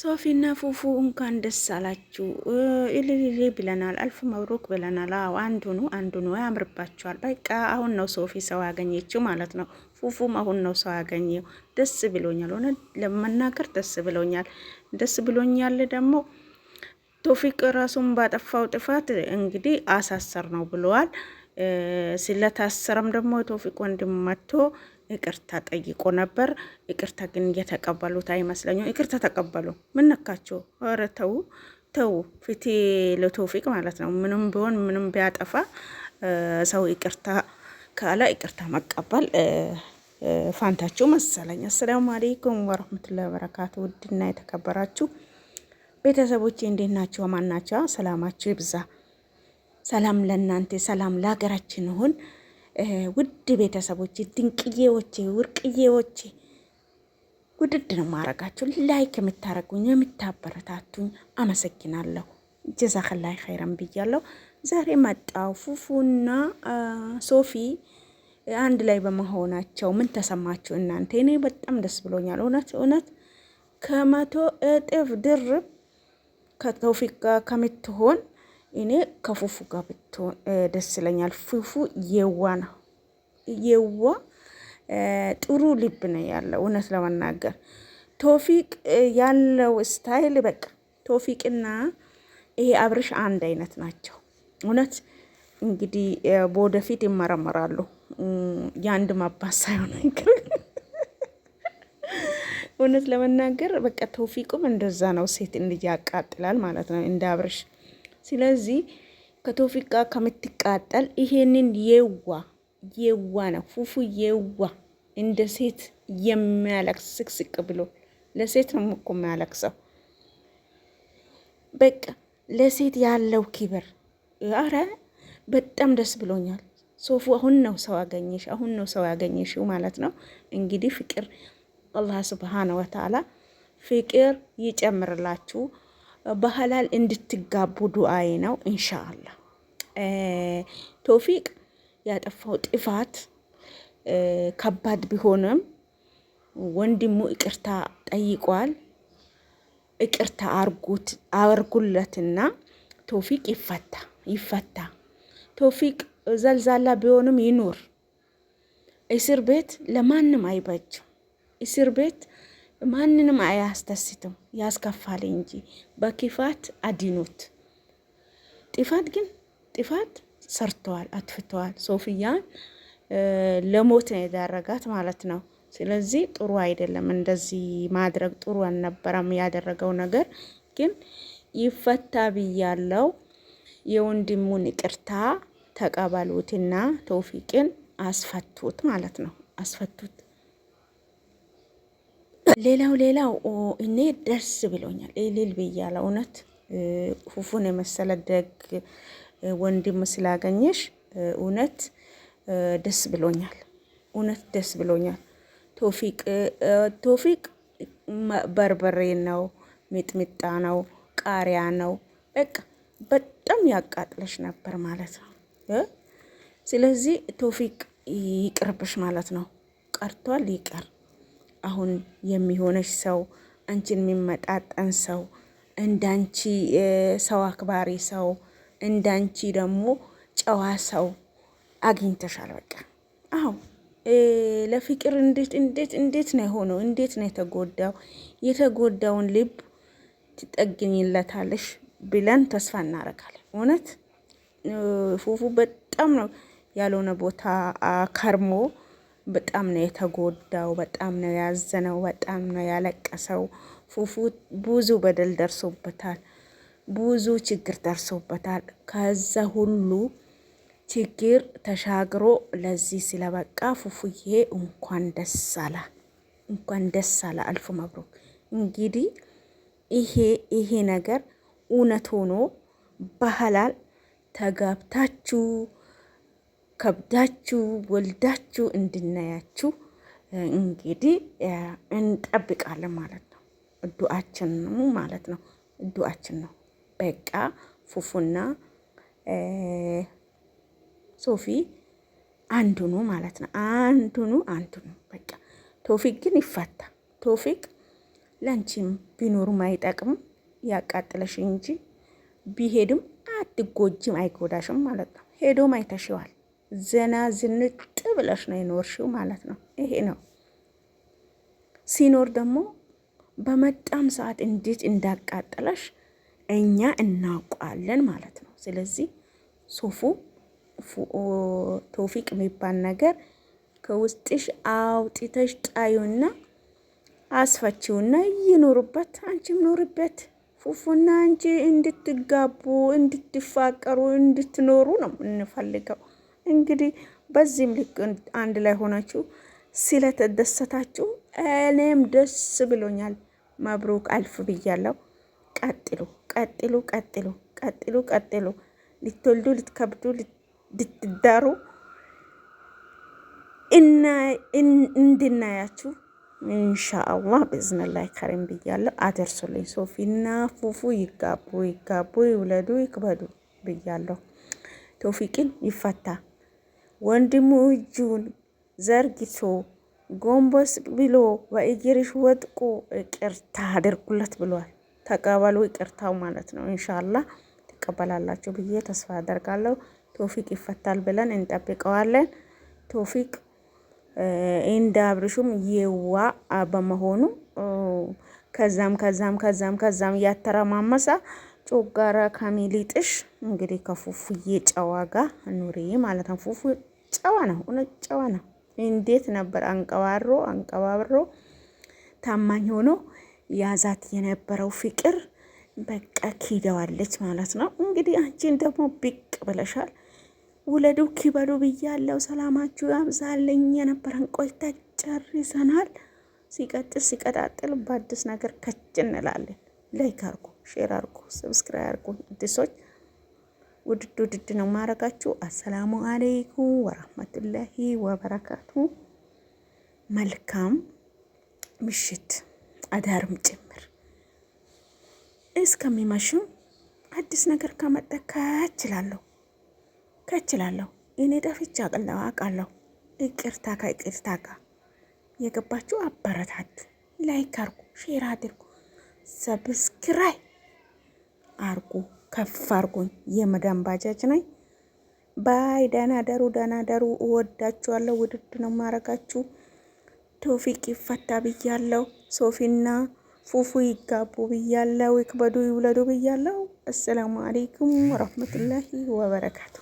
ሶፊና ፉፉ እንኳን ደስ አላችሁ፣ እልልሌ ብለናል፣ አልፍ መብሩክ ብለናል። አዎ አንዱ ነው አንዱ ነው፣ ያምርባችኋል። በቃ አሁን ነው ሶፊ ሰው ያገኘችው ማለት ነው። ፉፉም አሁን ነው ሰው ያገኘው። ደስ ብሎኛል፣ ሆነ ለመናገር ደስ ብሎኛል። ደስ ብሎኛል ደግሞ ቶፊቅ ራሱን ባጠፋው ጥፋት እንግዲህ አሳሰር ነው ብለዋል። ስለታሰረም ደግሞ ቶፊቅ ወንድም መጥቶ ይቅርታ ጠይቆ ነበር። ይቅርታ ግን እየተቀበሉት አይመስለኝም። ይቅርታ ተቀበሉ። ምን ነካቸው? ኧረ ተው ተው። ለቶፊቅ ማለት ነው። ምንም ቢሆን ምንም ቢያጠፋ ሰው ይቅርታ ካለ ይቅርታ መቀበል ፋንታችሁ መሰለኝ። አሰላሙ አሌይኩም ወረህመቱላሂ ወበረካቱ። ውድና የተከበራችሁ ቤተሰቦቼ እንዴት ናቸው? ማናቸው? ሰላማችሁ ይብዛ። ሰላም ለእናንተ፣ ሰላም ለሀገራችን ይሁን። ውድ ቤተሰቦች፣ ድንቅዬዎቼ፣ ውርቅዬዎቼ ውድድ ነው ማረጋችሁ። ላይክ የምታረጉኝ የምታበረታቱኝ አመሰግናለሁ። ጀዛከላይ ኸይረን ብያለሁ። ዛሬ መጣው ፉፉና ሶፊ አንድ ላይ በመሆናቸው ምን ተሰማችሁ እናንተ? እኔ በጣም ደስ ብሎኛል። እውነት እውነት ከመቶ እጥፍ ድርብ ከተውፊቅ ጋር ከምትሆን እኔ ከፉፉ ጋር ብትሆን ደስ ይለኛል። ፉፉ የዋ ነው የዋ ጥሩ ልብ ነው ያለው። እውነት ለመናገር ቶፊቅ ያለው ስታይል በቃ ቶፊቅና ይሄ አብርሽ አንድ አይነት ናቸው። እውነት እንግዲህ በወደፊት ይመረመራሉ። የአንድ ማባስ ሳይሆን እውነት ለመናገር በቃ ቶፊቁም እንደዛ ነው። ሴት ልጅ ያቃጥላል ማለት ነው እንደ አብርሽ ስለዚህ ከቶፊቅ ጋር ከምትቃጠል ይሄንን የዋ የዋ ነው ፉፉ የዋ እንደ ሴት የሚያለቅስ ስቅስቅ ብሎ ለሴት ነው እኮ የሚያለቅሰው። በቃ ለሴት ያለው ክብር አረ በጣም ደስ ብሎኛል። ሶፉ አሁን ነው ሰው አገኘሽ፣ አሁን ነው ሰው ያገኘሽው ማለት ነው። እንግዲህ ፍቅር አላህ ስብሓነ ወተዓላ ፍቅር ይጨምርላችሁ። ባህላል እንድትጋቡ ዱአዬ ነው። እንሻአላ ቶፊቅ ያጠፋው ጥፋት ከባድ ቢሆንም ወንድሙ ይቅርታ ጠይቋል። ይቅርታ አርጉለትና ቶፊቅ ይፈታ ይፈታ። ቶፊቅ ዘልዛላ ቢሆንም ይኑር። እስር ቤት ለማንም አይበጅም። እስር ቤት ማንንም አያስደስትም፣ ያስከፋል እንጂ በክፋት አዲኖት ጥፋት ግን ጥፋት ሰርተዋል፣ አትፍተዋል። ሶፍያን ለሞት ነው የዳረጋት ማለት ነው። ስለዚህ ጥሩ አይደለም፣ እንደዚህ ማድረግ ጥሩ አልነበረም። ያደረገው ነገር ግን ይፈታ ብያለው። የወንድሙን ይቅርታ ተቀበሉትና ቶፊቅን አስፈቱት ማለት ነው። አስፈቱት ሌላው ሌላው እኔ ደስ ብሎኛል እልል ብያለ እውነት ፉፉን የመሰለ ደግ ወንድም ስላገኘሽ እውነት ደስ ብሎኛል። እውነት ደስ ብሎኛል። ቶፊቅ ቶፊቅ በርበሬ ነው፣ ሚጥሚጣ ነው፣ ቃሪያ ነው። በቃ በጣም ያቃጥለሽ ነበር ማለት ነው። ስለዚህ ቶፊቅ ይቅርብሽ ማለት ነው። ቀርቷል፣ ይቀር አሁን የሚሆነች ሰው አንቺን የሚመጣጠን ሰው እንዳንቺ ሰው አክባሪ ሰው እንዳንቺ ደግሞ ጨዋ ሰው አግኝተሻል። በቃ አዎ፣ ለፍቅር እንዴት እንዴት እንዴት ነው የሆነው? እንዴት ነው የተጎዳው? የተጎዳውን ልብ ትጠግኝለታለሽ ብለን ተስፋ እናረጋለን። እውነት ፉፉ በጣም ነው ያልሆነ ቦታ ከርሞ በጣም ነው የተጎዳው፣ በጣም ነው ያዘነው፣ በጣም ነው ያለቀሰው። ፉፉ ብዙ በደል ደርሶበታል፣ ብዙ ችግር ደርሶበታል። ከዛ ሁሉ ችግር ተሻግሮ ለዚህ ስለበቃ ፉፉዬ እንኳን ደስ አለ፣ እንኳን ደስ አለ። አልፎ መብሩክ። እንግዲህ ይሄ ይሄ ነገር እውነት ሆኖ ባህላል ተጋብታችሁ ከብዳችሁ ወልዳችሁ እንድናያችሁ እንግዲህ እንጠብቃለን ማለት ነው። እዱአችን ነው ማለት ነው። እዱአችን ነው። በቃ ፉፉና ሶፊ አንዱኑ ማለት ነው። አንዱኑ አንዱኑ በቃ ቶፊቅ ግን ይፈታ። ቶፊቅ ለአንቺም ቢኖርም አይጠቅምም ያቃጥለሽ እንጂ ቢሄድም አትጎጂም አይጎዳሽም ማለት ነው። ሄዶም አይተሽዋል። ዘና ዝንጥ ብለሽ ነው የኖርሽው ማለት ነው። ይሄ ነው ሲኖር ደግሞ በመጣም ሰዓት እንዴት እንዳቃጠለሽ እኛ እናውቋለን ማለት ነው። ስለዚህ ሱፉ ቶፊቅ የሚባል ነገር ከውስጥሽ አውጥተሽ ጣዩና አስፈችውና ይኖርበት፣ አንቺም ኖርበት። ፉፉና አንቺ እንድትጋቡ፣ እንድትፋቀሩ፣ እንድትኖሩ ነው እንፈልገው። እንግዲህ በዚህም ልክ አንድ ላይ ሆናችሁ ስለተደሰታችሁ እኔም ደስ ብሎኛል። መብሩክ አልፍ ብያለሁ። ቀጥሉ ቀጥሉ ቀጥሉ ቀጥሉ ቀጥሉ። ልትወልዱ ልትከብዱ ልትዳሩ እንድናያችሁ ኢንሻአላህ ብእዝንላህ ከሪም ብያለሁ። አደርሱልኝ። ሶፊና ፉፉ ይጋቡ ይጋቡ ይውለዱ ይክበዱ ብያለሁ። ቶፊቅን ይፈታ ወንድሙ እጁን ዘርግቶ ጎንበስ ብሎ በእግርሽ ወጥቆ ይቅርታ አድርጉለት ብሏል። ተቀበሉ፣ ይቅርታው ማለት ነው። እንሻላ ትቀበላላችሁ ብዬ ተስፋ አደርጋለሁ። ቶፊቅ ይፈታል ብለን እንጠብቀዋለን። ቶፊቅ እንደ አብርሹም የዋ በመሆኑ ከዛም ከዛም ከዛም ከዛም እያተረማመሰ ጮጋራ ከሚሊጥሽ እንግዲህ ከፉፉዬ ጨዋጋ ኑሪ ማለት ነው። ፉፉ ጨዋ ነው፣ እውነት ጨዋ ነው። እንዴት ነበር አንቀባሮ አንቀባብሮ ታማኝ ሆኖ ያዛት የነበረው ፍቅር በቃ ኪደዋለች ማለት ነው። እንግዲህ አንቺን ደግሞ ብቅ ብለሻል። ውለዱ ኪበሉ ብያለው። ሰላማችሁ ያብዛልኝ። የነበረን ቆይታ ጨርሰናል። ሲቀጥል ሲቀጣጥል በአዲስ ነገር ከች እንላለን። ላይክ አርጉ፣ ሼር አርጉ፣ ሰብስክራይብ አርጉ ድሶች ውድድ ውድድ ነው ማረጋችሁ። አሰላሙ አሌይኩም ወራህመቱላሂ ወበረካቱ። መልካም ምሽት አዳርም ጭምር እስከሚመሽም አዲስ ነገር ከመጠ ከችላለሁ ከችላለሁ። እኔ ጠፍቻ ቅለው አቃለሁ። ይቅርታ ከይቅርታ ጋር የገባችሁ አበረታት ላይክ አርጉ፣ ሼር አድርጉ፣ ሰብስክራይ አርጉ። ከፍ አርጎኝ የመዳን ባጃጅ ነኝ። ባይ ደህና ደሩ፣ ደህና ደሩ። እወዳችኋለሁ። ውድድ ነው ማረጋችሁ። ቶፊቅ ይፈታ ብያለሁ። ሶፊና ፉፉ ይጋቡ ብያለሁ። ይክበዱ ይውለዱ ብያለሁ። አሰላሙ አሌይኩም ወረህመቱላሂ ወበረካቱ።